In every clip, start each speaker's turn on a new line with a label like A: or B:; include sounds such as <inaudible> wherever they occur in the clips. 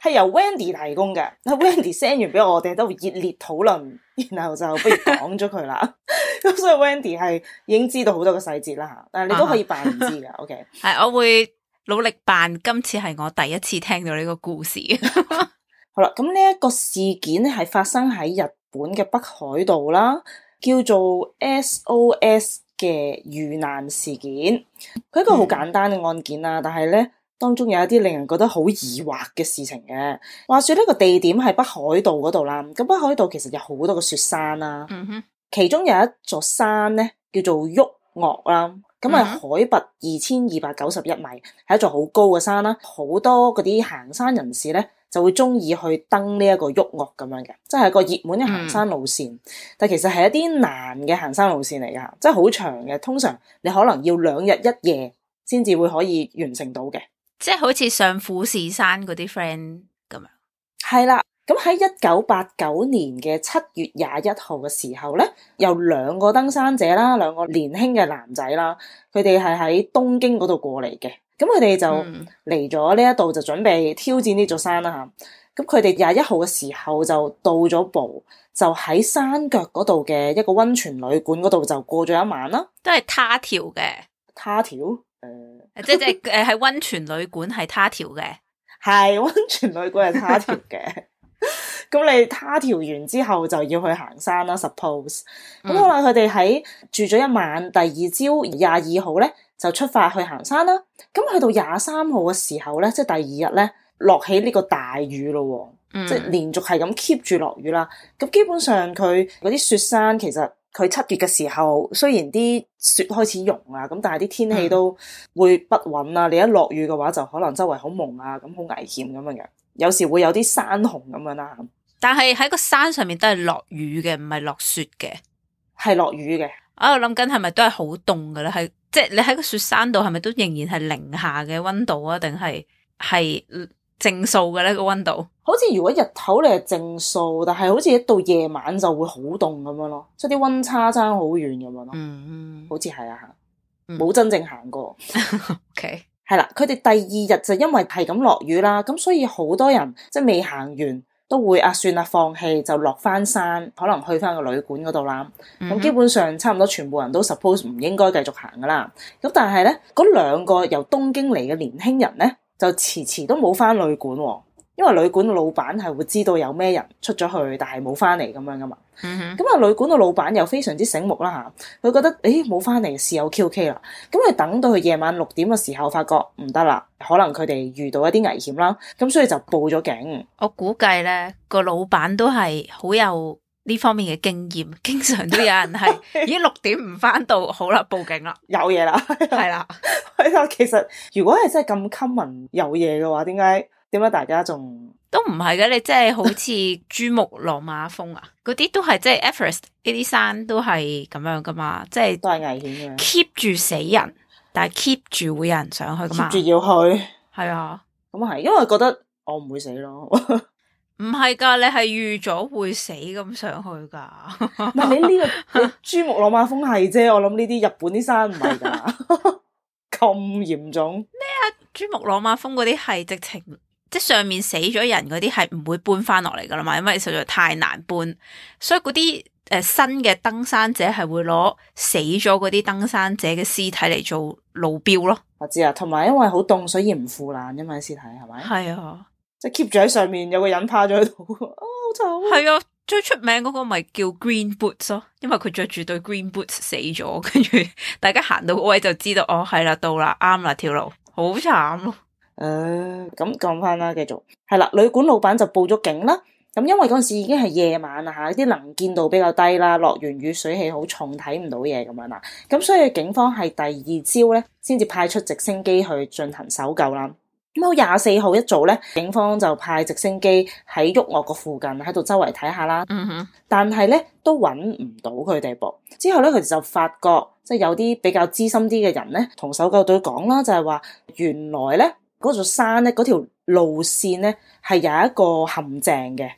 A: 係由 Wendy 提供嘅 <laughs> ，Wendy send 完俾我哋 <laughs> 都熱烈討論，然後就不如講咗佢啦。咁 <laughs> <laughs> 所以 Wendy 係已經知道好多個細節啦吓， <laughs> 但係你都可以扮唔知噶。OK，
B: 係我會努力扮。今次係我
A: 第一次聽到呢個故事。 <laughs> 好啦，咁呢一個事件係發生喺日本嘅北海道啦，叫做 SOS 嘅遇難事件。佢一個好簡單嘅案件啦，但係咧。 <laughs> 當中有一啲令人覺得好疑惑嘅事情嘅。話說呢個地點喺北海道嗰度啦，咁北海道其實有好多個雪山啦、啊，嗯、哼其中有一座山咧叫做旭岳啦、啊，咁係海拔二千二百九十一米，係一座好高嘅山啦、啊。好多嗰啲行山人士咧就會中意去登呢一個旭岳咁樣嘅，即係一個熱門嘅行山路線。嗯、但其實係一啲難嘅行山路線嚟噶，即係好長嘅，通常你可能要兩日一夜先至會可以完成到嘅。
B: 即係好似上富士山嗰啲 friend 咁樣，
A: 係啦。咁喺一九八九年嘅七月廿一號嘅時候咧，有兩個登山者啦，兩個年輕嘅男仔啦，佢哋係喺東京嗰度過嚟嘅。咁佢哋就嚟咗呢一度就準備挑戰呢座山啦。吓。咁佢哋廿一號嘅時候就到咗步，就喺山腳嗰度嘅一個溫泉旅館嗰度就過咗一晚囉。都係他
B: 條嘅。他條。 <laughs> 即係誒，喺溫泉旅館係他條嘅，
A: 係溫 <laughs> 泉旅館係他條嘅。咁 <laughs> 你他條完之後就要去行山啦。Suppose 咁可能佢哋喺住咗一晚，第二朝廿二號咧就出發去行山啦。咁去到廿三號嘅時候咧，即係第二日咧，落起呢個大雨咯。嗯、即係連續係咁 keep 住落雨啦。咁基本上佢嗰啲雪山其實。佢七月嘅時候，雖然啲雪開始融啊，咁但係啲天氣都會不穩啦，啊。嗯、你一落雨嘅話，就可能周圍好蒙啊，咁好危險咁樣嘅。有時會有啲山洪咁樣啦。
B: 但係喺個山上面都係落雨嘅，唔係落雪嘅，係落雨嘅，啊。我諗緊係咪都係好凍噶啦？係即係你喺個雪山度，係咪都仍然係零下嘅溫度啊？定係係？
A: 正數嘅呢個溫度，好似如果日頭你係正數，但係好似一到夜晚就會好凍咁樣咯，即係啲溫差差遠、mm hmm. 好遠咁樣咯。嗯，好似係啊，冇、mm hmm. 真正行過。 <laughs> OK，係啦，佢哋第二日就因為係咁落雨啦，咁所以好多人即係未行完都會啊算啊放棄，就落翻山，可能去翻個旅館嗰度啦。咁、mm hmm. 基本上差唔多全部人都 suppose 唔應該繼續行噶啦。咁但係咧，嗰兩個由東京嚟嘅年輕人咧。就遲遲都冇返旅館喎、哦，因為旅館嘅老闆係會知道有咩人出咗去，但係冇返嚟咁樣㗎嘛。咁啊、嗯哼，旅館嘅老闆又非常之醒目啦吓，佢覺得誒，冇返嚟，事有蹺蹊啦。咁佢等到佢夜晚六點嘅時候，發覺唔得啦，可能佢哋遇到一啲危險啦。咁所以就報咗警。我估計咧，個老闆都係好有呢方面嘅經驗，經常都有
B: 人係已經六點唔返到， <laughs> 好啦，報警啦，
A: 有嘢事啦，係啦。其實如果係真係咁 common 有嘢嘅話，點解點解大家仲
B: 都唔係嘅？你即係好似珠穆朗瑪峰啊，嗰啲 <laughs> 都係即係 Everest 呢啲山都係咁樣噶嘛，即係都係危險嘅
A: ，keep 住死人，但係 keep 住會有人上去噶嘛，keep 住要去，係啊，咁啊係，因為覺得我唔會死咯。
B: 唔係唔係噶，你係預咗會死咁上去噶。
A: 你 <laughs> 呢、這個這個珠穆朗瑪峰係啫，我諗呢啲日本啲山唔係噶，咁 <laughs> 嚴重咩啊？
B: 珠穆朗瑪峰嗰啲係直情即係上面死咗人嗰啲係唔會搬翻落嚟噶啦嘛，因為實在太難搬，所以嗰啲誒新嘅登山者係會攞死咗嗰啲登山
A: 者嘅屍體嚟做路標咯。我知啊，同埋因為好凍，所以唔腐爛，因為屍體係咪？係啊。即係 keep 住喺上面，有個人趴咗喺度，啊好
B: 慘！係啊，最出名嗰個咪叫 Green Boots 咯，因為佢着住對 Green Boots 死咗，跟住大家行到位就知道，哦係啦，到啦，啱啦，條路
A: 好慘咯。誒，咁講翻啦，繼續係啦，嗯，旅館老闆就報咗警啦。咁因為嗰陣時已經係夜晚啊吓，啲能見度比較低啦，落完雨水氣好重，睇唔到嘢咁樣啦。咁所以警方係第二朝咧，先至派出直升機去進行搜救啦。咁廿四號一早咧，警方就派直升機喺旭岳個附近喺度周圍睇下啦。嗯哼，但係咧都揾唔到佢哋噃。之後咧佢哋就發覺，即係有啲比較資深啲嘅人咧，同搜救隊講啦，就係話原來咧嗰座山咧嗰條路線咧係有一個陷阱嘅。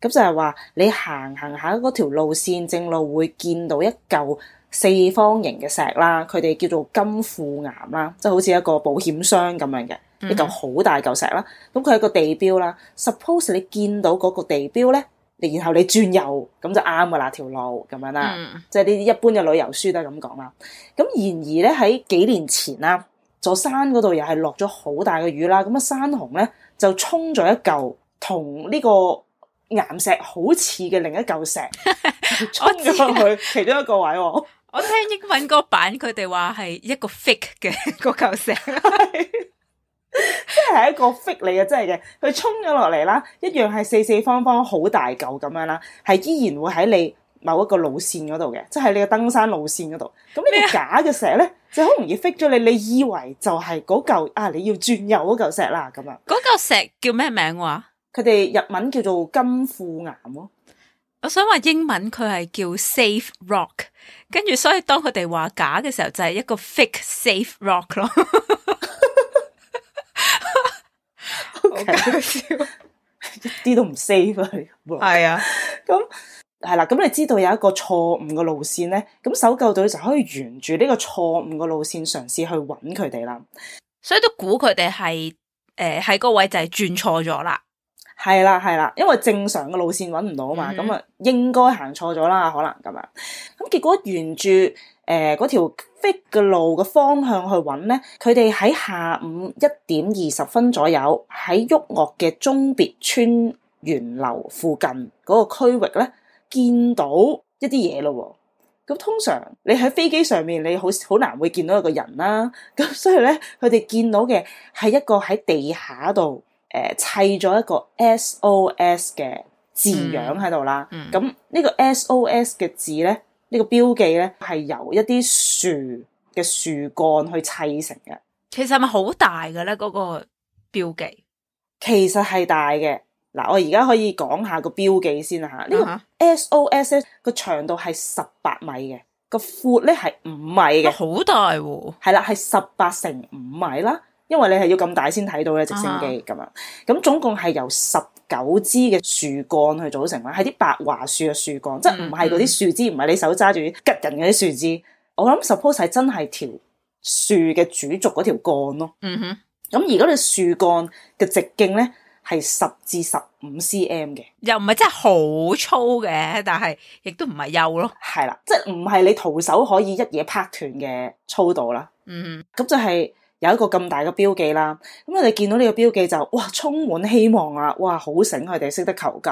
A: 咁就係話你行行下嗰條路線正路會見到一嚿四方形嘅石啦，佢哋叫做金庫岩啦，即係好似一個保險箱咁樣嘅一嚿好大嚿石啦。咁佢係一個地標啦。Suppose 你見到嗰個地標咧，然後你轉右咁就啱㗎啦，條路咁樣啦。嗯、即係呢啲一般嘅旅遊書都係咁講啦。咁然而咧喺幾年前啦，座山嗰度又係落咗好大嘅雨啦，咁啊山洪咧就沖咗一嚿同呢個岩石好似嘅另一嚿石，沖咗 <laughs> 去其中一個位。
B: <laughs> 我聽英文歌版，佢哋話係一個 fake 嘅嗰嚿石，
A: 即 <laughs> 係 <laughs> <laughs> 一個 fake 嚟嘅，真係嘅。佢衝咗落嚟啦，一樣係四四方方好大嚿咁樣啦，係依然會喺你某一個路線嗰度嘅，即係你嘅登山路線嗰度。咁呢個假嘅石咧，麼就好容易 fake 咗你，你以為就係嗰嚿啊，你要轉右嗰嚿石啦，咁啊，嗰嚿石叫咩名話？佢哋日文叫做金庫岩喎、哦。我
B: 想話英文佢係叫 safe rock，跟住，所以當佢哋話假嘅時候就係一個 fake safe rock 咯 Yeah. <laughs> 嗯。
A: 好搞笑，一啲都唔 safe 啊！係啊，咁係啦，咁你知道有一個錯誤嘅路線咧，咁搜救隊就可以沿住呢個錯誤嘅路綫嘗試去揾佢哋啦。所以都估佢哋係誒喺嗰位就係轉錯咗啦。係啦，係啦，因為正常嘅路線揾唔到啊嘛，咁啊、mm hmm. 應該行錯咗啦，可能咁樣。咁結果沿住誒嗰條逼嘅路嘅方向去揾咧，佢哋喺下午一點二十分左右喺旭岳嘅中別村源流附近嗰個區域咧，見到一啲嘢咯。咁通常你喺飛機上面，你好好難會見到一個人啦、啊。咁所以咧，佢哋見到嘅係一個喺地下度。誒，砌咗、呃、一個 SOS 嘅字樣喺度啦。咁、嗯嗯、呢個 SOS 嘅字咧，呢、這個標記咧係由一啲樹嘅樹幹去砌成嘅。
B: 其實係咪好大嘅咧？嗰、那個標記
A: 其實係大嘅。嗱，我而家可以講下個標記先啦、啊、吓。呢、這個 SOS 個長度係十八米嘅，個闊咧係五米嘅，好、啊、大喎、哦。係啦，係十八乘五米啦。因為你係要咁大先睇到嘅直升機咁、啊、樣，咁總共係由十九支嘅樹幹去組成啦，係啲白樺樹嘅樹幹，嗯、即係唔係嗰啲樹枝，唔係你手揸住拮人嗰啲樹枝。我諗 suppose 係真係條樹嘅主軸嗰條幹咯。嗯哼，咁如果你樹幹嘅直徑咧係十至十五 cm 嘅，又唔係真係好粗嘅，但係亦都唔係幼咯。係啦，即係唔係你徒手可以一嘢拍斷嘅粗度啦。嗯哼，咁就係、是。有一個咁大嘅標記啦，咁佢哋見到呢個標記就哇，充滿希望啊，哇好醒佢哋識得求救，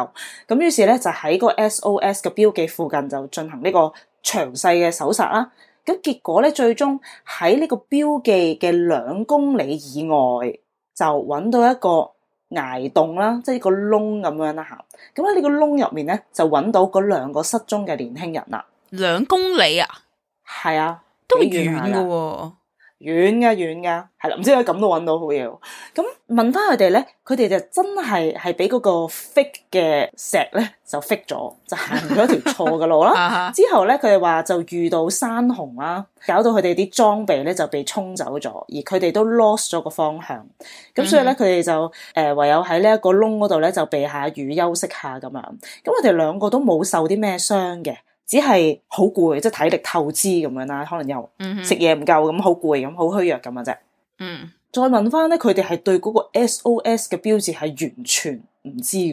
A: 咁於是咧就喺個 SOS 嘅標記附近就進行呢個詳細嘅搜查啦。咁結果咧，最終喺呢個標記嘅兩公里以外就揾到一個崖洞啦，即係一個窿咁樣啦、啊、嚇。咁喺呢個窿入面咧就揾到嗰兩個失蹤嘅年輕人啦。
B: 兩公里啊？
A: 係啊，都遠㗎喎。遠噶，遠噶，係啦，唔知點解咁都揾到好嘢。咁問翻佢哋咧，佢哋就真係係俾嗰個 fake 嘅石咧就 fake 咗，就行咗條錯嘅路啦。 <laughs> 之後咧，佢哋話就遇到山洪啦，搞到佢哋啲裝備咧就被沖走咗，而佢哋都 lost 咗個方向。咁所以咧，佢哋、mm hmm. 就誒、呃、唯有喺呢一個窿嗰度咧就避下雨休息下咁樣。咁我哋兩個都冇受啲咩傷嘅。只係好攰，即係體力透支咁樣啦，可能又食嘢唔夠咁，好攰咁，好虛弱咁嘅啫。
B: 嗯，
A: 再問翻咧，佢哋係對嗰個 SOS 嘅標誌係完全唔知嘅，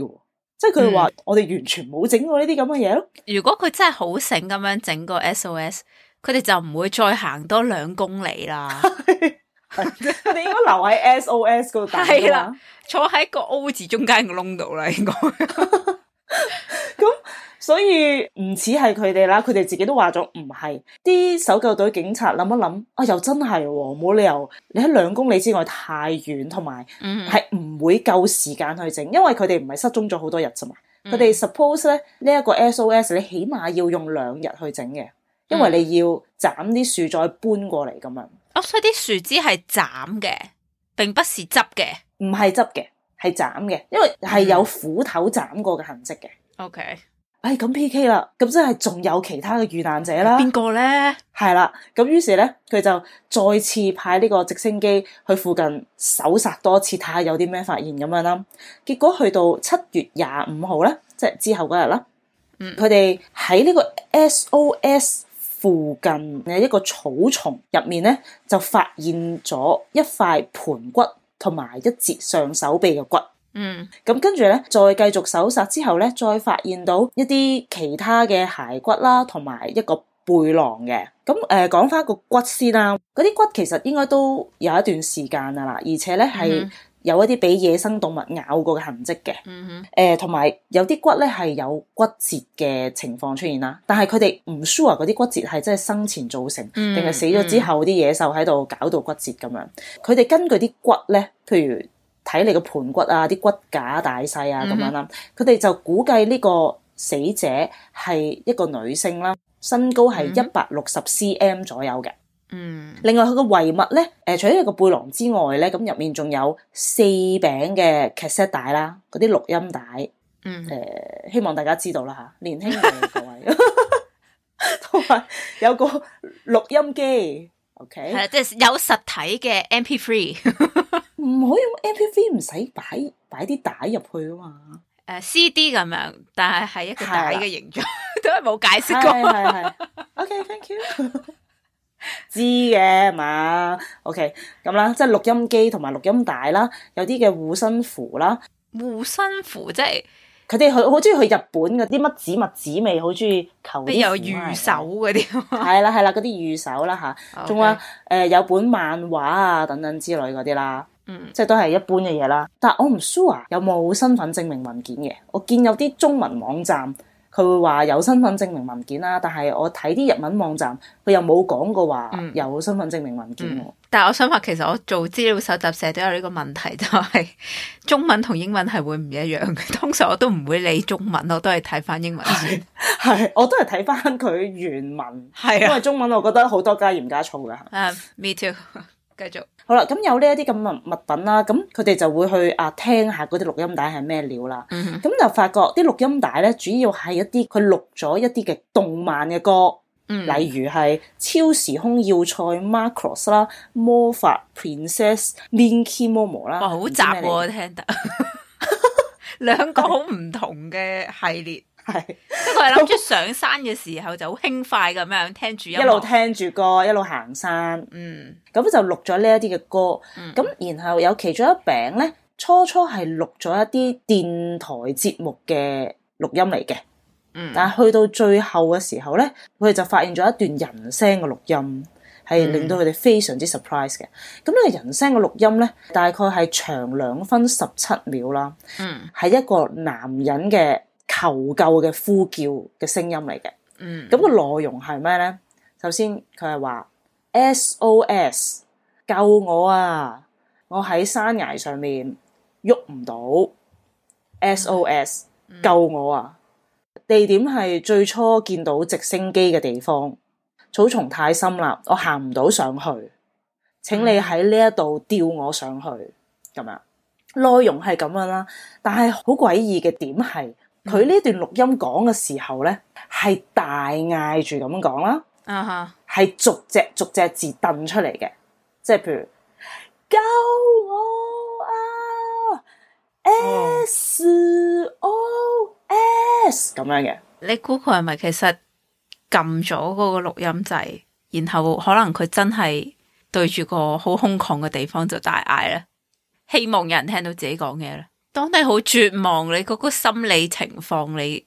A: 即係佢哋話我哋完全冇整過呢啲咁嘅嘢咯。
B: 如果佢真係好醒咁樣整個 SOS，佢哋就唔會再行多兩公里啦。
A: 佢哋 <laughs> 了 <laughs> 應該留喺 SOS 嗰度等啦，
B: 坐喺個 O 字中間個窿度啦，應該
A: 咁。 <laughs> <laughs> 所以唔似係佢哋啦，佢哋自己都話咗唔係。啲搜救隊警察諗一諗，啊又真係喎、哦，冇理由你喺兩公里之外太遠，同埋係唔會夠時間去整，因為佢哋唔係失蹤咗好多日咋嘛。佢哋、嗯、suppose 咧呢一個 SOS，你起碼要用兩日去整嘅，因為你要斬啲樹再搬過嚟，咁樣。
B: 嗯、哦，所以啲樹枝係斬嘅，並不是執嘅，
A: 唔係執嘅，係斬嘅，因為係有斧頭斬過嘅痕迹嘅。嗯、OK。哎，咁 P. K. 啦，咁真係仲有其他嘅遇難者啦。邊個咧？係啦，咁於是咧，佢就再次派呢個直升機去附近搜查多次，睇下有啲咩發現咁樣啦。結果去到七月廿五號咧，即係之後嗰日啦，嗯，佢哋喺呢個 S. O. S. 附近嘅一個草叢入面咧，就發現咗一塊盤骨同埋一截上手臂嘅骨。嗯，咁跟住咧，再繼續搜索之後咧，再發現到一啲其他嘅骸骨啦，同埋一個背囊嘅。咁誒講翻個骨先啦，嗰啲骨其實應該都有一段時間㗎喇，而且咧，係有一啲俾野生動物咬過嘅痕跡嘅。嗯哼。誒，同埋有啲骨咧，係有骨折嘅情況出現啦。但係佢哋唔 sure 嗰啲骨折係真係生前造成，定係死咗之後啲野獸喺度搞到骨折咁樣。佢哋根據啲骨咧，譬如。睇你個盆骨啊，啲骨架大細啊，咁樣啦，佢哋就估計呢個死者係一個女性啦，身高係一百六十 cm 左右嘅。嗯。另外佢個遺物咧，誒，除咗個背囊之外咧，咁入面仲有四餅嘅 cassette 帶啦，嗰啲錄音帶。嗯。誒，希望大家知道啦吓，年輕嘅各位，同埋有個錄音機。OK。係，即係有實體嘅 MP3。唔可以用 M P V 唔使擺擺啲帶入去啊嘛，
B: 誒 C D 咁樣，但係係一個帶嘅形狀，了 <laughs> 都係冇解釋過，係係，O K，thank
A: you， <laughs> 知嘅係嘛，O K，咁啦，即係錄音機同埋錄音帶啦，有啲嘅護身符啦，護身符即係佢哋去好中意去日本嘅啲乜紙物紙味，好中意求啲、啊、有御守嗰啲，係啦係啦，嗰啲御守啦吓，仲有誒有本漫畫啊等等之類嗰啲啦。嗯，即係都係一般嘅嘢啦。但係我唔 sure 啊有冇身份證明文件嘅。我見有啲中文網站佢會話有身份證明文件啦，但係我睇啲日文網站佢又冇講過話有身份證明文件，嗯嗯。但係我想話，其實我做資料搜集成日都有呢個問題就係，是，
B: 中文同英文係會唔一樣。通常我都唔會理中文，我都係睇翻英文先。
A: 係，我都係睇翻佢原文。係，啊，因為中文我覺得好多加鹽加醋嘅。Uh,
B: me too。繼
A: 續好啦，咁有呢一啲咁嘅物品啦，咁佢哋就會去啊聽下嗰啲錄音帶係咩料啦，咁、嗯、哼就發覺啲錄音帶咧主要係一啲佢錄咗一啲嘅動漫嘅歌，嗯、例如係超時空要塞 Macross 啦，魔法 Princess Minky Momo 啦，哇，好雜喎，聽得兩 <laughs> <laughs> <laughs> 個好唔同嘅系列。係，即係佢係諗住
B: 上山嘅時候就好輕快咁樣聽住一路聽
A: 住歌，一路行山。嗯，咁就錄咗呢一啲嘅歌。咁然後有其中一餅咧，初初係錄咗一啲電台節目嘅錄音嚟嘅。嗯，但係去到最後嘅時候咧，佢哋就發現咗一段人聲嘅錄音，係令到佢哋非常之 surprise 嘅。咁呢個人聲嘅錄音咧，大概係長兩分十七秒啦。嗯，係一個男人嘅。求救嘅呼叫嘅聲音嚟嘅，咁、嗯、個內容係咩呢？首先佢係話 SOS，救我啊！我喺山崖上面喐唔到，SOS，救我啊！地點係最初見到直升機嘅地方，草叢太深啦，我行唔到上去，請你喺呢一度吊我上去，咁樣內容係咁樣啦。但係好詭異嘅點係。佢呢段錄音講嘅時候呢，係大嗌住咁講啦，uh huh. 啊，係逐隻逐隻字掟出嚟嘅，即係譬如救
B: 我啊 SOS
A: 咁、嗯、樣嘅。
B: 你估佢 o 係咪其實撳咗嗰個錄音掣，然後可能佢真係對住個好空曠嘅地方就大嗌呢？希望有人聽到自己講嘢咧。當你好絕望，你嗰個心理情況，你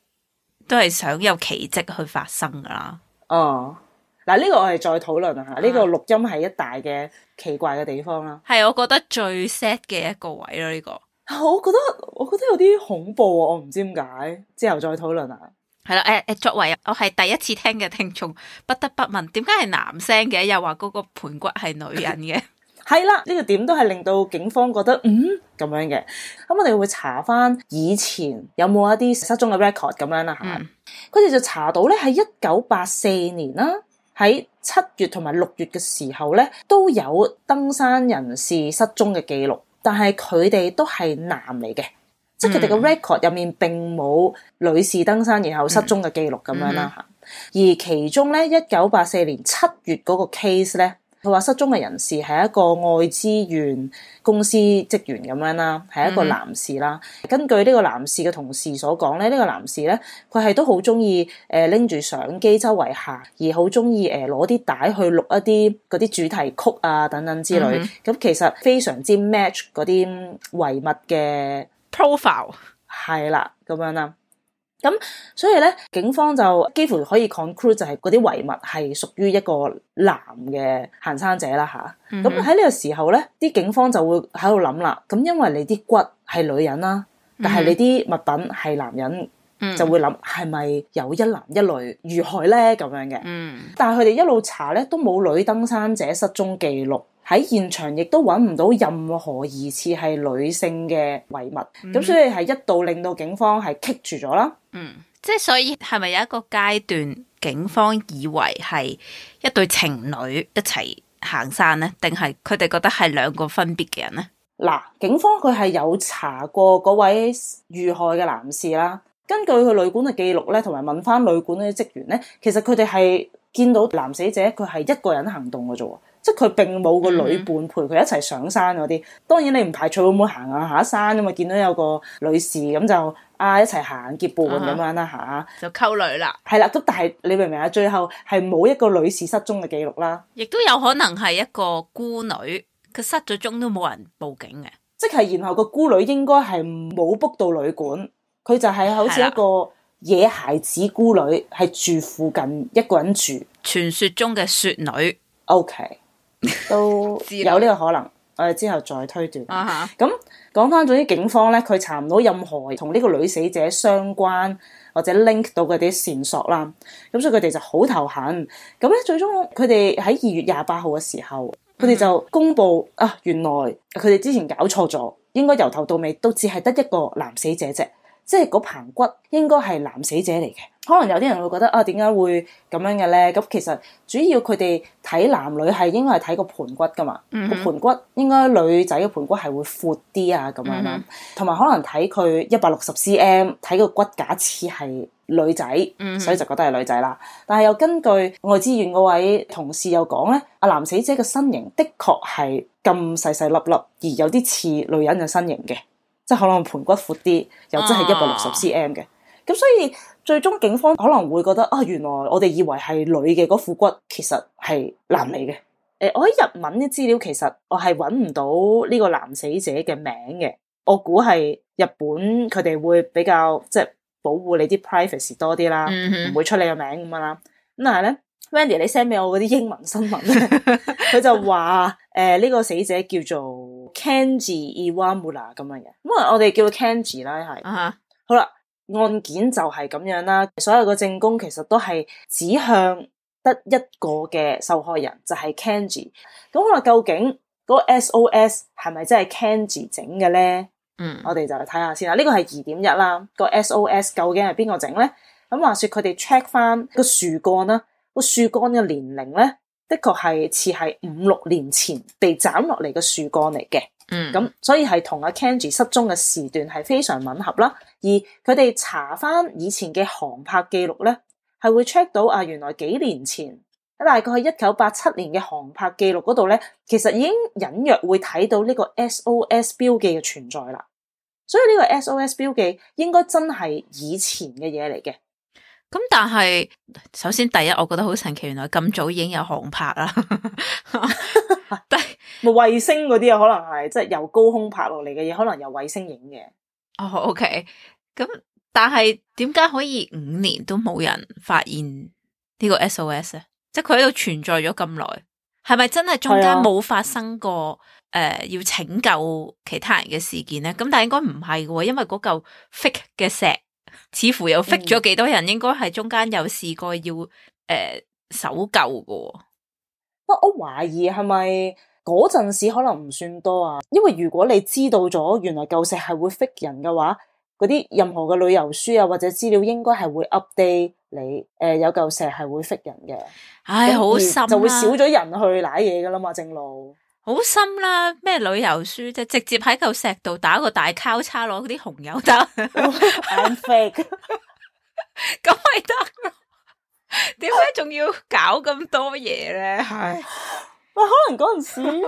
B: 都係想有奇
A: 跡去發生噶啦。哦，嗱，呢個我哋再討論下，呢、啊、個錄音係一大嘅奇怪嘅地方啦。係、
B: 這個，我覺得最 sad 嘅一個位咯，呢個。
A: 我覺得我覺得有啲恐怖啊，我唔知點解。之後再討論啊。係啦，誒、哎、誒，作為我係
B: 第一次聽嘅聽眾，不得不問，點解係男聲嘅？又話嗰個盤骨
A: 係女人嘅？ <laughs> 係啦，呢、這個點都係令到警方覺得嗯，咁樣嘅，咁我哋會查翻，以前有冇一啲失蹤嘅 record 咁樣啦吓，佢哋就查到咧，喺一九八四年啦，喺七月同埋六月嘅時候咧都有登山人士失蹤嘅記錄，但係佢哋都係男嚟嘅，即係佢哋嘅 record 入面並冇女士登山然後失蹤嘅記錄咁樣啦吓，嗯嗯嗯嗯，而其中咧一九八四年七月嗰個 case 咧。佢話失蹤嘅人士係一個外資源公司職員咁樣啦，係一個男士啦。Mm hmm. 根據呢個男士嘅同事所講咧，呢、呢個男士咧佢係都好中意誒拎住相機周圍行，而好中意誒攞啲帶去錄一啲嗰啲主題曲啊等等之類。咁、mm hmm. 其實非常之 match 嗰啲遺物嘅 profile 係啦，咁樣啦。咁所以咧，警方就幾乎可以 conclude 就係嗰啲遺物係屬於一個男嘅行山者啦吓，咁喺呢個時候咧，啲警方就會喺度諗啦。咁因為你啲骨係女人啦，mm hmm. 但係你啲物品係男人，mm hmm. 就會諗係咪有一男一女遇害咧咁樣嘅。嗯、mm。Hmm. 但係佢哋一路查咧，都冇女登山者失蹤記錄，喺現場亦都揾唔到任何疑似係女性嘅遺物。咁、mm hmm. 所以係一度令到警方係棘住咗啦。
B: 嗯，即係所以係咪有一個階段，警方以為係一對情侶一齊行山呢？定係佢哋覺得係兩個分別嘅人呢？
A: 嗱、嗯，警方佢係有查過嗰位遇害嘅男士啦，根據佢旅館嘅記錄咧，同埋問翻旅館嘅職員咧，其實佢哋係見到男死者佢係一個人行動嘅啫。即係佢並冇個女伴陪佢一齊上山嗰啲。嗯、當然你唔排除會唔會行下、啊、下山啊嘛？因為，見到有個女士咁就，啊，一齊行結伴咁、啊、哈樣啦吓，啊、就溝女啦，係啦，都但係你明唔明啊？最後係冇一個女士失蹤嘅記錄啦，
B: 亦都有可能係一個孤女，佢失咗蹤都冇人報警嘅，
A: 即係然後個孤女應該係冇 book 到旅館，佢就係好似一個野孩子孤女，係的、嗯、住附近一個人住，傳說中嘅雪女，OK。都有呢個可能，我哋之後再推斷。咁講翻，總、huh. 之警方咧，佢查唔到任何同呢個女死者相關或者 link 到嗰啲線索啦。咁所以佢哋就好頭痕。咁咧最終佢哋喺二月廿八號嘅時候，佢哋就公布、uh huh. 啊，原來佢哋之前搞錯咗，應該由頭到尾都只係得一個男死者啫。即係嗰盆骨應該係男死者嚟嘅，可能有啲人會覺得啊，點解會咁樣嘅咧？咁其實主要佢哋睇男女係應該係睇個盆骨噶嘛，個盆、嗯、哼骨應該女仔嘅盆骨係會闊啲啊，咁、嗯、哼樣啦。同埋可能睇佢一百六十 cm，睇個骨架似係女仔，嗯、哼所以就覺得係女仔啦。但係又根據外資院嗰位同事又講咧，阿男死者嘅身形的確係咁細細粒粒，而有啲似女人嘅身形嘅。即係可能盤骨闊啲，又真係一百六十 cm 嘅，咁、啊、所以最終警方可能會覺得啊，原來我哋以為係女嘅嗰副骨其，呃，其實係男嚟嘅。誒，我喺日文啲資料其實我係揾唔到呢個男死者嘅名嘅。我估係日本佢哋會比較即係保護你啲 privacy 多啲啦，唔、嗯、哼會出你嘅名咁樣啦。咁但係咧，Wendy 你 send 俾我嗰啲英文新聞咧，佢 <laughs> 就話誒呢個死者叫做。Kenji Iwamura 咁樣嘅，咁啊我哋叫 Kenji 啦，係、uh，huh. 好啦，案件就係咁樣啦，所有嘅證供其實都係指向得一個嘅受害人，就係、是、Kenji，咁啊究竟嗰 SOS 係咪真係 Kenji 整嘅咧？嗯、uh，huh. 我哋就嚟睇下先啦，呢、這個係二點一啦，個 SOS 究竟係邊個整咧？咁話說佢哋 check 翻個樹幹啦，個樹幹嘅年齡咧？的確係似係五六年前被斬落嚟嘅樹幹嚟嘅，嗯，咁所以係同阿 Kenji 失蹤嘅時段係非常吻合啦。而佢哋查翻以前嘅航拍記錄咧，係會 check 到啊，原來幾年前喺大概係一九八七年嘅航拍記錄嗰度咧，其實已經隱約會睇到呢個 SOS 標記嘅存在啦。所以呢個 SOS 標記應該真係以前嘅嘢嚟嘅。咁、嗯、但係，
B: 首先第一，我覺得好神奇，原來咁早已經有航拍啦，
A: <laughs> 但係衛星嗰啲啊，可能係即係由高空拍落嚟嘅嘢，可能由衛星影嘅。
B: 哦，OK，咁、嗯、但係點解可以五年都冇人發現個呢個 SOS 咧？即係佢喺度存在咗咁耐，係咪真係中間冇發生過誒、啊呃、要拯救其他人嘅事件咧？咁、嗯、但係應該唔係嘅，因為嗰嚿 fake 嘅石。似乎又食咗幾多人，應該係中間有試過要誒搜救噶
A: 不、呃嗯，我懷疑係咪嗰陣時可能唔算多啊？因為如果你知道咗原來旭岳係會食人嘅話，嗰啲任何嘅旅遊書啊或者資料應該係會 update 你誒、呃，有旭岳係會食人嘅。唉，好心就會少咗人去瀨嘢噶啦嘛，正路。
B: 好心啦，咩旅遊書就直接喺嚿石度打個大交叉，攞嗰啲紅油打，咁咪得咯？點解仲要搞咁多嘢咧？
A: 係，喂，可能嗰陣時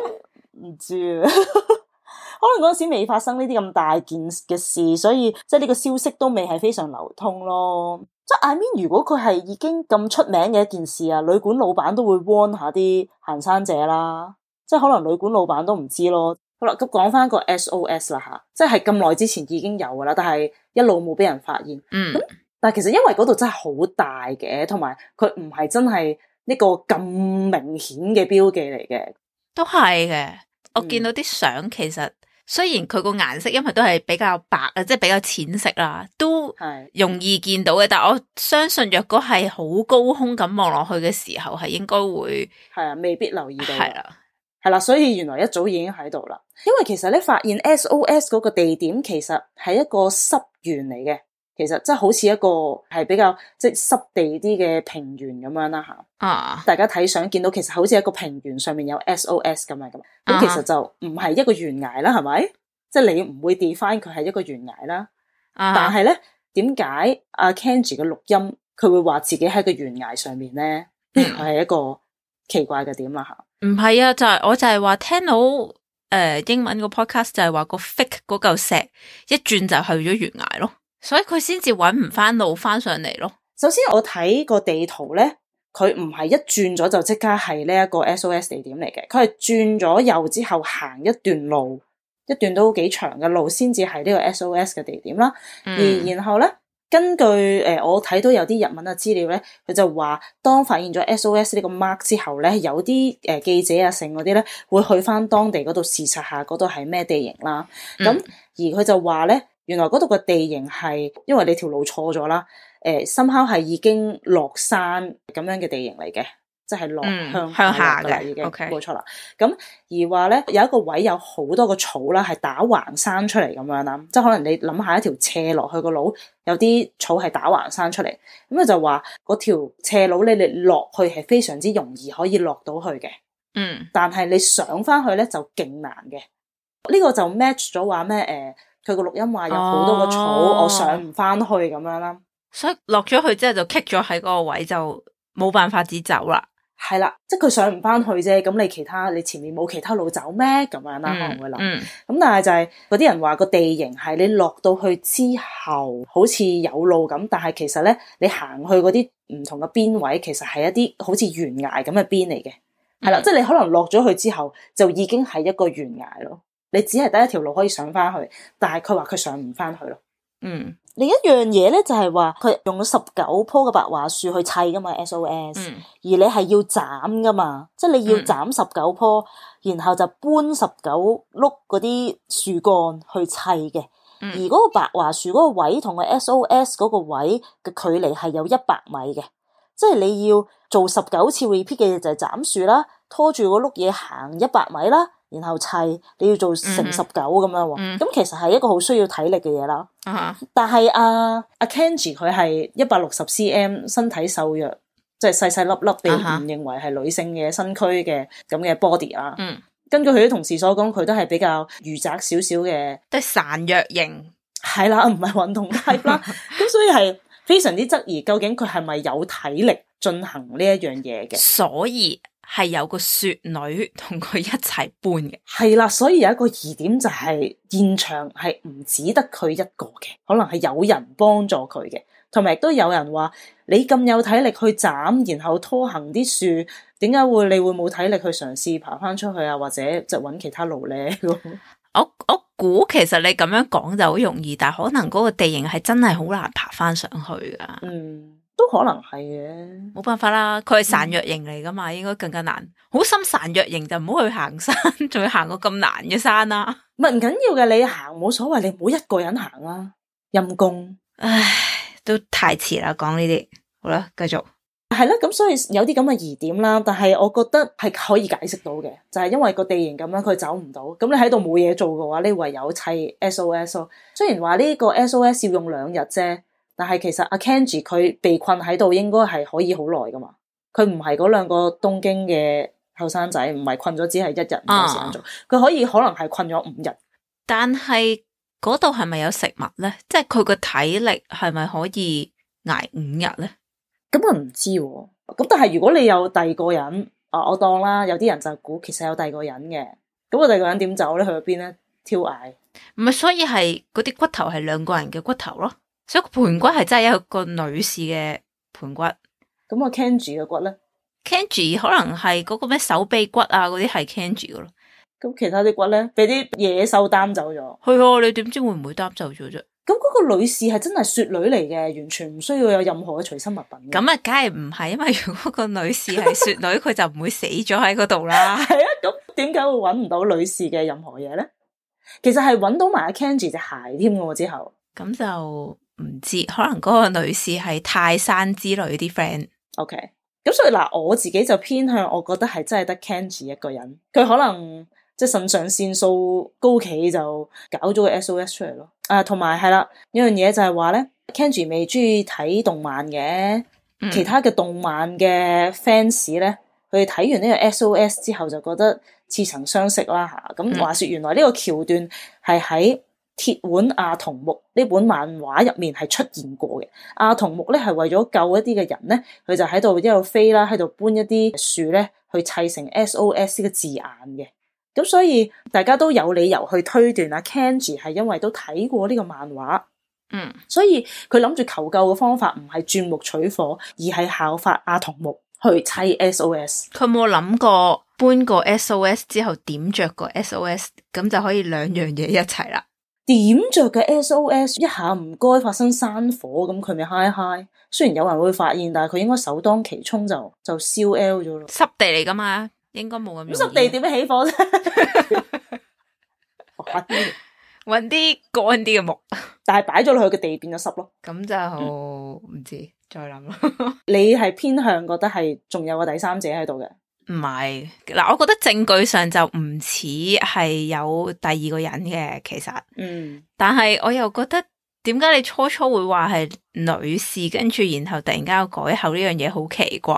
A: 唔知，可能嗰陣時未發生呢啲咁大件嘅事，所以即係呢個消息都未係非常流通咯。即係 I mean，如果佢係已經咁出名嘅一件事啊，旅館老闆都會 warn 下啲行山者啦。即係可能旅館老闆都唔知咯。好啦，咁講返個 SOS 啦吓，即係咁耐之前已經有噶啦，但係一路冇俾人發現。嗯，咁但係其實因為嗰度真係好大嘅，同埋佢唔係真係呢個咁明顯嘅標記嚟嘅。都係嘅，
B: 我見到啲相、嗯、其實雖然佢個顏色因為都係比較白啊，即係比較淺色啦，都容易見到嘅。的但係我相信若果係好高空咁望落去嘅時候，係應該會係啊，未必留意到。係啦。
A: 係啦，所以原來一早已經喺度啦。因為其實咧，發現 SOS 嗰個地點其實係一個濕原嚟嘅，其實即係好似一個係比較即係濕地啲嘅平原咁樣啦吓。啊，大家睇相見到其實好似一個平原上面有 SOS 咁樣噶。咁、啊、其實就唔係一個懸崖啦，係咪？即係你唔會 define 佢係一個懸崖啦。啊、但係咧，點解阿 Kenji 嘅錄音佢會話自己喺個懸崖上面咧？係、嗯、一個奇怪嘅點啦、啊、吓。
B: 唔係啊，就係、是、我就係話聽到誒、呃、英文個 podcast 就係話、個 fake 嗰嚿石一轉就去咗懸崖咯，
A: 所以佢先至搵唔翻路翻上嚟咯。首先我睇個地圖咧，佢唔係一轉咗就即刻係呢一個 SOS 地點嚟嘅，佢係轉咗右之後行一段路，一段都幾長嘅路先至係呢個 SOS 嘅地點啦。而、嗯呃、然後咧。根據誒、呃，我睇到有啲日文嘅資料咧，佢就話當發現咗 SOS 呢個 mark 之後咧，有啲誒、呃、記者啊，剩嗰啲咧會去返當地嗰度視察下嗰度係咩地形啦。咁、嗯、而佢就話咧，原來嗰度嘅地形係因為你條路錯咗啦，誒深坑係已經落山咁樣嘅地形嚟嘅。即係落向下、嗯、向下噶啦，已經冇錯啦。咁 Okay.、嗯、而話咧，有一個位有好多個草啦，係打橫生出嚟咁樣啦。即係可能你諗下一條斜落去個路，有啲草係打橫生出嚟，咁佢就話嗰條斜路咧，你落去係非常之容易可以落到去嘅。嗯，但係你上翻去咧就勁難嘅。呢、呢個就 match 咗話咩？誒、呃，佢個錄音話有好多個草，哦、我上唔翻去咁樣啦。
B: 所以落咗去之後就 kick 咗喺嗰個
A: 位，就冇辦法子走啦。係啦，即係佢上唔翻去啫，咁你其他你前面冇其他路走咩？咁樣啦，可能、mm hmm. 會諗。咁但係就係嗰啲人話個地形係你落到去之後，好似有路咁，但係其實咧你行去嗰啲唔同嘅邊位，其實係一啲好似懸崖咁嘅邊嚟嘅。係啦、mm hmm.，即係你可能落咗去之後，就已經係一個懸崖咯。你只係得一條路可以上翻去，但係佢話佢上唔翻去咯。嗯、mm。Hmm. 另一樣嘢咧，就係話佢用咗十九棵嘅白樺樹去砌㗎嘛 SOS，而你係要斬㗎嘛，即係你要斬十九棵，然後就搬十九碌嗰啲樹幹去砌嘅。而嗰個白樺樹嗰個位同個 SOS 嗰個位嘅距離係有一百米嘅，即係你要做十九次 repeat 嘅嘢就係斬樹啦，拖住個碌嘢行一百米啦。然後砌，你要做成十九咁樣，咁、嗯、其實係一個好需要體力嘅嘢啦。Uh huh. 但係阿阿 Kenji 佢係一百六十 cm，身體瘦弱，即係細細粒粒，uh huh. 被唔認為係女性嘅身軀嘅咁嘅 body 啊。Uh huh. 根據佢啲同事所講，佢都係比較御宅少少嘅，即係孱弱型，係啦，唔係運動 type 啦。咁 <laughs> <laughs> 所以係非常之質疑，究竟佢係咪有體力進行呢一樣嘢嘅？所以。係有個雪女同佢一齊搬嘅，係啦，所以有一個疑點就係、是、現場係唔只得佢一個嘅，可能係有人幫助佢嘅，同埋亦都有人話你咁有體力去斬，然後拖行啲樹，點解會你會冇體力去嘗試爬翻出去啊？或者就揾其他路咧？ <laughs> 我我估其實你咁樣講就好容
B: 易，但可能嗰個地形係真係好難爬翻上去噶。嗯。都可能係嘅，冇辦法啦，佢係孱弱型嚟噶嘛，嗯、應該更加難。好心孱弱型就唔好去行山，仲要行個咁難嘅山啦、啊。唔係唔緊要嘅，你行冇所謂，你唔好一個人
A: 行啦、啊，陰功，唉，都太遲、嗯、啦，講呢啲好啦，繼續係啦。咁所以有啲咁嘅疑點啦，但係我覺得係可以解釋到嘅，就係、是、因為個地形咁樣，佢走唔到。咁你喺度冇嘢做嘅話，你唯有砌 SOS。雖然話呢個 SOS 要用兩日啫。但係其實阿 Kenji 佢被困喺度，應該係可以好耐㗎嘛？佢唔係嗰兩個東京嘅後生仔，唔係困咗只係一日佢、啊、可以可能係困咗五日。但係嗰度係咪有食物咧？即係佢個體力係咪可以挨五日咧？咁我唔知、啊，咁但係如果你有第二個人，啊，我當啦，有啲人就估其實有第二、那個、個人嘅。咁我第二個人點走咧？去邊咧？跳崖？唔係，所以係嗰啲骨
B: 頭係兩個人嘅骨頭咯。所以盤骨係真係一個女士嘅盤骨，咁阿 Kenji 嘅骨咧，Kenji 可能係嗰個咩手臂骨啊，嗰啲係 Kenji 嘅咯。
A: 咁其他啲骨咧，俾啲野獸擔走咗。去啊，你點知會唔會擔走咗啫？咁嗰個女士係真係雪女嚟嘅，完全唔需要有任何嘅隨身物品。咁啊，梗係唔係，因為如果個女士係雪女，佢 <laughs> 就唔會死咗喺嗰度啦。係 <laughs> 啊，咁點解會搵唔到女士嘅任何嘢咧？其實係搵到埋阿 Kenji 隻鞋添嘅之後咁就。唔知，可能嗰個女士係泰山之類啲 friend。OK，咁所以嗱，我自己就偏向，我覺得係真係得 Kenji 一個人。佢可能即係腎上腺素高企，就搞咗個 SOS 出嚟咯。啊，同埋係啦，一樣嘢就係話咧，Kenji 未中意睇動漫嘅，嗯、其他嘅動漫嘅 fans 咧，佢哋睇完呢個 SOS 之後就覺得似曾相識啦吓。咁話說，原來呢個橋段係喺。鐵腕阿童木呢本漫畫入面係出現過嘅，阿童木咧係為咗救一啲嘅人咧，佢就喺度一路飛啦，喺度搬一啲樹咧去砌成 SOS 嘅字眼嘅。咁所以大家都有理由去推斷阿 Kenji 係因為都睇過呢個漫畫，嗯，所以佢諗住求救嘅方法唔係鑽木取火，而係效法阿童木去砌 SOS。佢有冇諗過搬個 SOS 之後點着個 SOS，咁就可以兩樣嘢一齊啦？點着嘅 SOS 一下唔該發生山火，咁佢咪嗨嗨。g 雖然有人會發現，但係佢應該首當其衝就就燒 l 咗咯。濕地嚟㗎嘛，應該冇咁容易啊，濕地點樣起火啫？揾啲揾啲乾啲嘅木，但係擺咗落去嘅地變咗濕咯，咁就唔知再諗咯 <laughs> 你係偏向覺得係仲有個第三者喺度嘅？
B: 唔係嗱，我覺得證據上就唔似係有第二個人嘅，其實，嗯，但係我又覺得，點解你初初會話係女士，跟住，然後突然間又改口呢樣嘢，好奇怪。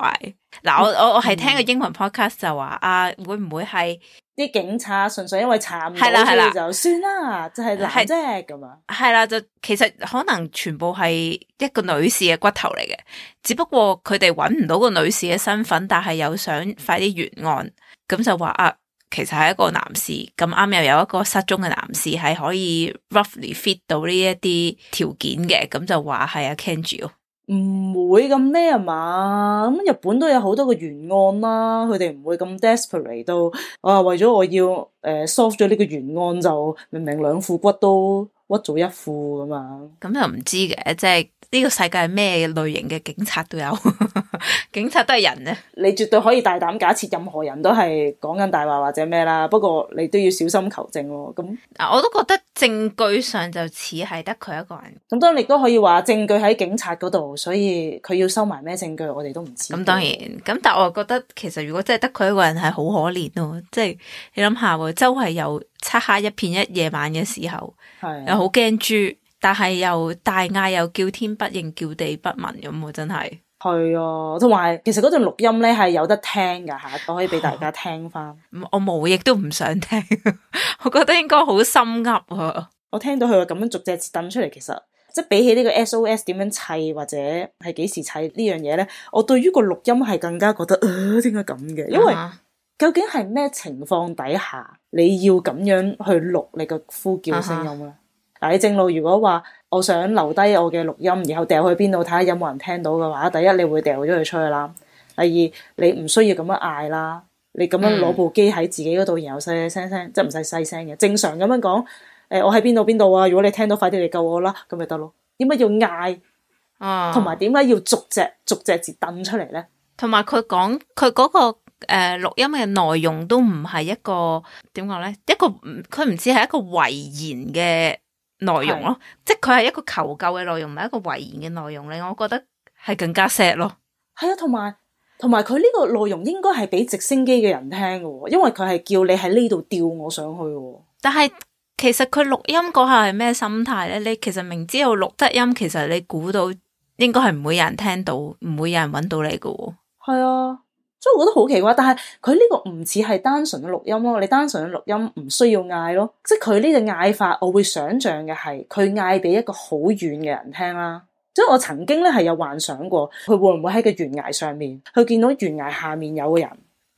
B: 嗱、嗯，我我我係聽個英文 podcast 就話啊，會唔會係？啲警察純粹因為查唔到就
A: 算啦，即係男啫咁啊，
B: 係啦，就其實可能全部係一個女士嘅骨頭嚟嘅，只不過佢哋揾唔到個女士嘅身份，但係又想快啲完案，咁就話啊，其實係一個男士，咁啱又有一個失蹤嘅男士係可以 roughly fit 到呢一啲條件嘅，咁就話係阿 Kenju。
A: 唔會咁咩係嘛？咁日本都有好多嘅懸案啦，佢哋唔會咁 desperate 到啊，為咗我要誒 solve 咗呢個懸案就，明明兩副骨都屈咗一副咁嘛。咁又唔知嘅，即係呢個世界係咩類型嘅警察都有。 <laughs> 警察都係人咧，你絕對可以大膽假設，任何人都係講緊大話或者咩啦。不過你都要小心求證咯、哦。咁，我都覺得證據上就似係
B: 得佢一個人。
A: 咁當你都可以話證據喺警察嗰度，所以佢要收埋咩證據，我哋都唔知。咁當然，咁但係我覺得其實如果真係得佢一個人，係好可憐咯、哦。即
B: 係你諗下，周圍又漆黑一片一夜晚嘅時候，
A: 的又好
B: 驚豬，但係又大嗌又叫天不應叫地不聞咁，真係。係啊，
A: 同埋其實嗰段錄音咧係有得聽噶吓，我可以俾大家聽翻、哦。我無亦都唔想聽， <laughs> 我覺得應該好心急啊！我聽到佢話咁樣逐隻掟出嚟，其實即係比起呢個 SOS 點樣砌或者係幾時砌呢樣嘢咧，我對於個錄音係更加覺得誒，點解咁嘅？為啊、哈因為究竟係咩情況底下你要咁樣去錄你個呼叫聲音啊哈？嗱，你正路如果話。我想留低我嘅錄音，然後掉去邊度睇下有冇人聽到嘅話，第一你會掉咗佢出去啦。第二你唔需要咁樣嗌啦，你咁樣攞部機喺自己嗰度，然後細細聲聲，即係唔使細聲嘅，正常咁樣講。誒，我喺邊度邊度啊！如果你聽到，快啲嚟救我啦，咁咪得咯。點解要嗌？啊、嗯，同埋點解要逐隻逐隻字瞪
B: 出嚟咧？同埋佢講佢嗰個誒錄、呃、音嘅內容都唔係一個點講咧，一個佢唔知係一個遺言嘅，內容咯，
A: 即係佢係一個求救嘅內容，唔係一個遺言嘅內容咧，我覺得係更加 sad 咯。係啊，同埋同埋佢呢個內容應該係俾直升機嘅人聽嘅，因為佢係叫你喺呢度吊我上去。但係其實佢錄音嗰下係咩心態咧？你
B: 其實明知道錄得音，其實你估到應該係唔會有人聽到，唔會有人揾到你嘅。
A: 係啊。所以我覺得好奇怪，但係佢呢個唔似係單純嘅錄音咯，你單純嘅錄音唔需要嗌咯，即係佢呢個嗌法，我會想象嘅係佢嗌俾一個好遠嘅人聽啦。所以，我曾經咧係有幻想過，佢會唔會喺個懸崖上面，佢見到懸崖下面有個人，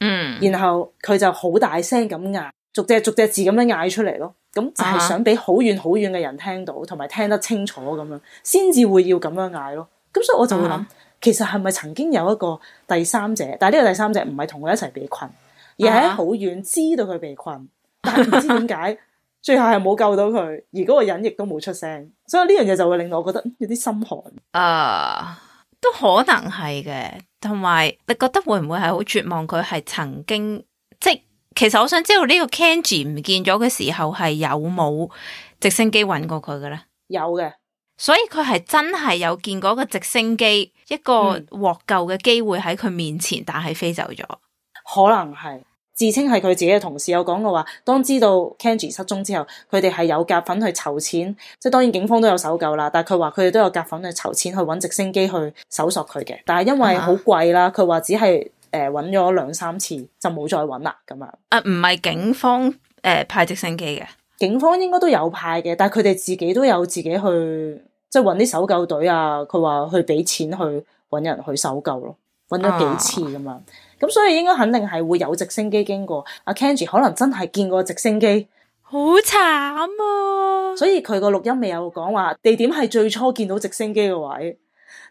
A: 嗯，然後佢就好大聲咁嗌，逐隻逐隻字咁樣嗌出嚟咯，咁就係想俾好遠好遠嘅人聽到，同埋聽得清楚咁樣，先至會要咁樣嗌咯。咁所以我就會諗。嗯其實係咪曾經有一個第三者？但係呢個第三者唔係同佢一齊被困，而係好遠知道佢被困，但係唔知點解，最後係冇救到佢， <laughs> 而嗰個人亦都冇出聲，所以呢樣嘢就會令到我覺得有啲心寒。啊，uh, 都可能係嘅，
B: 同埋你覺得會唔會係好絕望？佢係曾經，即其實我想知道呢個 Candy 唔見咗嘅時候，係有冇直升機揾過佢嘅咧？有嘅。所以佢係真係有見嗰個直升機，一個獲救嘅
A: 機會喺佢面前，但係飛走咗。嗯，可能係自稱係佢自己嘅同事有講過話，當知道 Kenji 失蹤之後，佢哋係有夾粉去籌錢，即係當然警方都有搜救啦。但係佢話佢哋都有夾粉去籌錢去揾直升機去搜索佢嘅，但係因為好貴啦，佢話，啊，只係誒揾咗兩三次就冇再揾啦咁啊。啊，唔係警方誒、呃、派直升機嘅。警方應該都有派嘅，但係佢哋自己都有自己去，即係揾啲搜救隊啊。佢話去俾錢去揾人去搜救咯，揾咗幾次咁樣。咁、啊嗯、所以應該肯定係會有直升機經過。阿 Kenji 可能真係見過直升機，好慘啊！所以佢個錄音未有講話地點係最初見到直升機嘅位，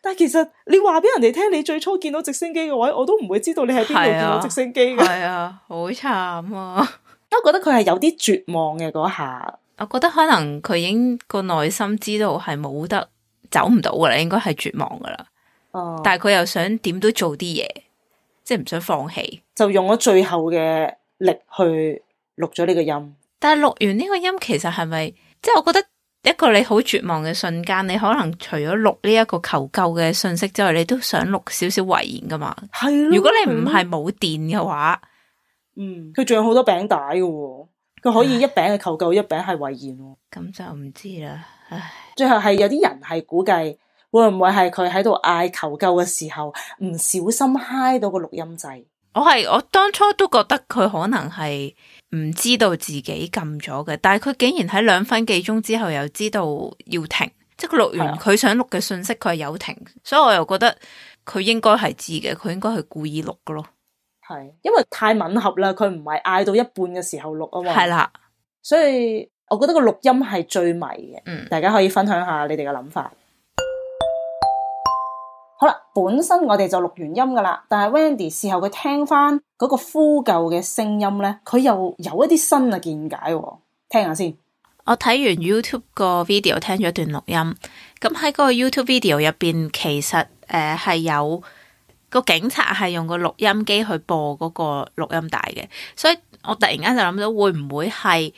A: 但係其實你話俾人哋聽，你最初見到直升機嘅位，我都唔會知道你喺邊度見到直升機嘅。係啊，好、啊、慘啊！
B: 我都覺得佢係有啲絕望嘅嗰下，我覺得可能佢已經個內心知道係冇得走唔到噶啦，應該係絕望噶啦。哦，oh. 但係佢又想點都做啲嘢，即係唔想放棄，
A: 就用咗最後嘅力去
B: 錄咗呢個音。但係錄完呢個音，其實係咪即係？我覺得一個你好絕望嘅瞬間，你可能除咗錄呢一個求救嘅信息之外，你都想錄少少遺
A: 言噶嘛？係咯，如果你唔係冇電嘅話。嗯嗯，佢仲有好多餅帶嘅，佢可以一餅係求救，唉一餅係遺言。咁就唔知啦，唉。最後係有啲人係估計會唔會係佢喺度嗌求救嘅時候唔小心嗨到個錄音掣。我係我當初都覺得佢可能係
B: 唔知道自己撳咗嘅，但係佢竟然喺兩分幾鐘之後又知道要停，即係佢錄完佢，啊，想錄嘅信息，佢係有停，所以我又覺得佢應該係知
A: 嘅，佢應該係故意錄嘅咯。係，因為太吻合啦，佢唔係嗌到一半嘅時候錄啊喎，係啦，所以我覺得個錄音係最迷嘅，嗯，大家可以分享下你哋嘅諗法。嗯、好啦，本身我哋就錄完音噶啦，但係 Wendy 事後佢聽翻嗰個呼救嘅聲音咧，佢又有一啲新嘅見解，哦，聽下先。我睇完 YouTube 個 video，聽咗一段
B: 錄音，咁喺個 YouTube video 入邊，其實誒係、呃、有。個警察係用個錄音機去播嗰個錄音帶嘅，所以我突然間就諗到會唔會係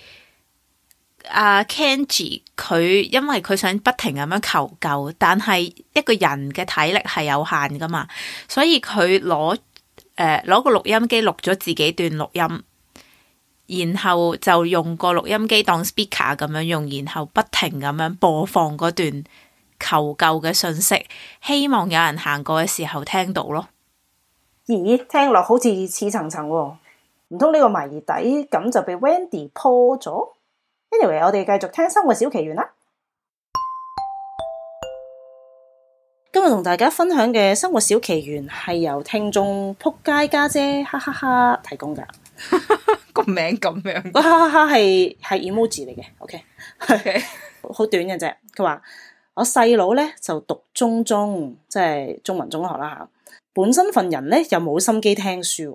B: 阿、啊、Kenji 佢因為佢想不停咁樣求救，但係一個人嘅體力係有限㗎嘛，所以佢攞誒攞個錄音機錄咗自己段錄音，然後就用個錄音機當 speaker 咁樣用，然後不停咁樣播放嗰段，求救嘅信息，希望有人行過嘅時候聽到咯。
A: 咦？聽落好似似層層，唔通呢個謎底咁就俾 Wendy 破咗。Anyway，我哋繼續聽生活小奇緣啦。今日同大家分享嘅生活小奇緣係由聽眾扑街家姐哈哈哈提供噶。個 <laughs> 名咁樣， <laughs> 哇，哈哈哈係係 emoji 嚟嘅，OK，OK，好短嘅啫，佢話。我細佬咧就讀中中，即係中文中學啦吓。本身份人咧又冇心機聽書。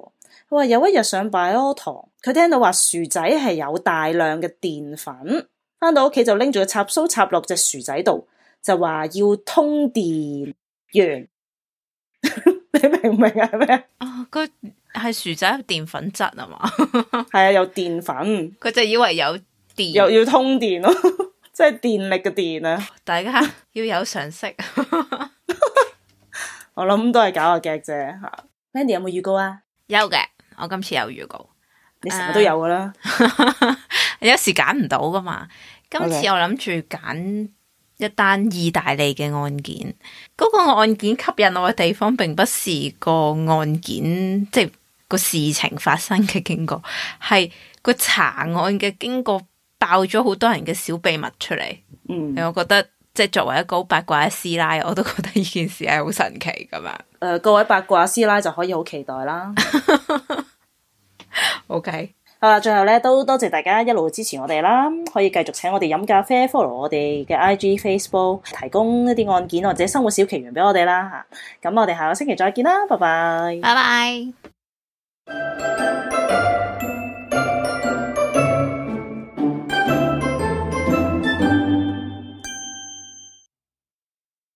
A: 佢話有一日上擺咯堂，佢聽到話薯仔係有大量嘅澱粉，返到屋企就拎住個插蘇插落隻薯仔度，就話要通電完， <laughs> 你明唔明係咩啊？佢係、哦、薯仔有澱粉質啊嘛？係 <laughs> 啊，有澱粉。佢就以為有電，又要通電咯、哦。 <laughs> 即係電力嘅電啊！大家要有常識。我諗都係搞下劇啫。哈，Mandy 有冇預告啊？有嘅，我今次有預告。你成日都有噶啦，
B: <laughs> 有時揀唔到噶嘛。今次我諗住揀一單意大利嘅案件。嗰 Okay. 個案件吸引我嘅地方，並不是個案件，即係個事情發生嘅經過，係個查案嘅經過。爆咗好多人嘅小秘密出嚟，嗯，我覺得即係作為一個好八卦師奶，我都覺得呢件事係好神奇噶嘛。
A: 誒、呃，各位八卦師奶就可以好期待啦。
B: <laughs> OK，
A: 好啦，最後咧都多謝大家一路支持我哋啦，可以繼續請我哋飲咖啡，follow 我哋嘅 IG、Facebook，提供一啲案件或者生活小奇緣俾我哋啦。咁、啊、我哋下個星期再見啦，拜拜，拜拜 Bye bye.。 <music>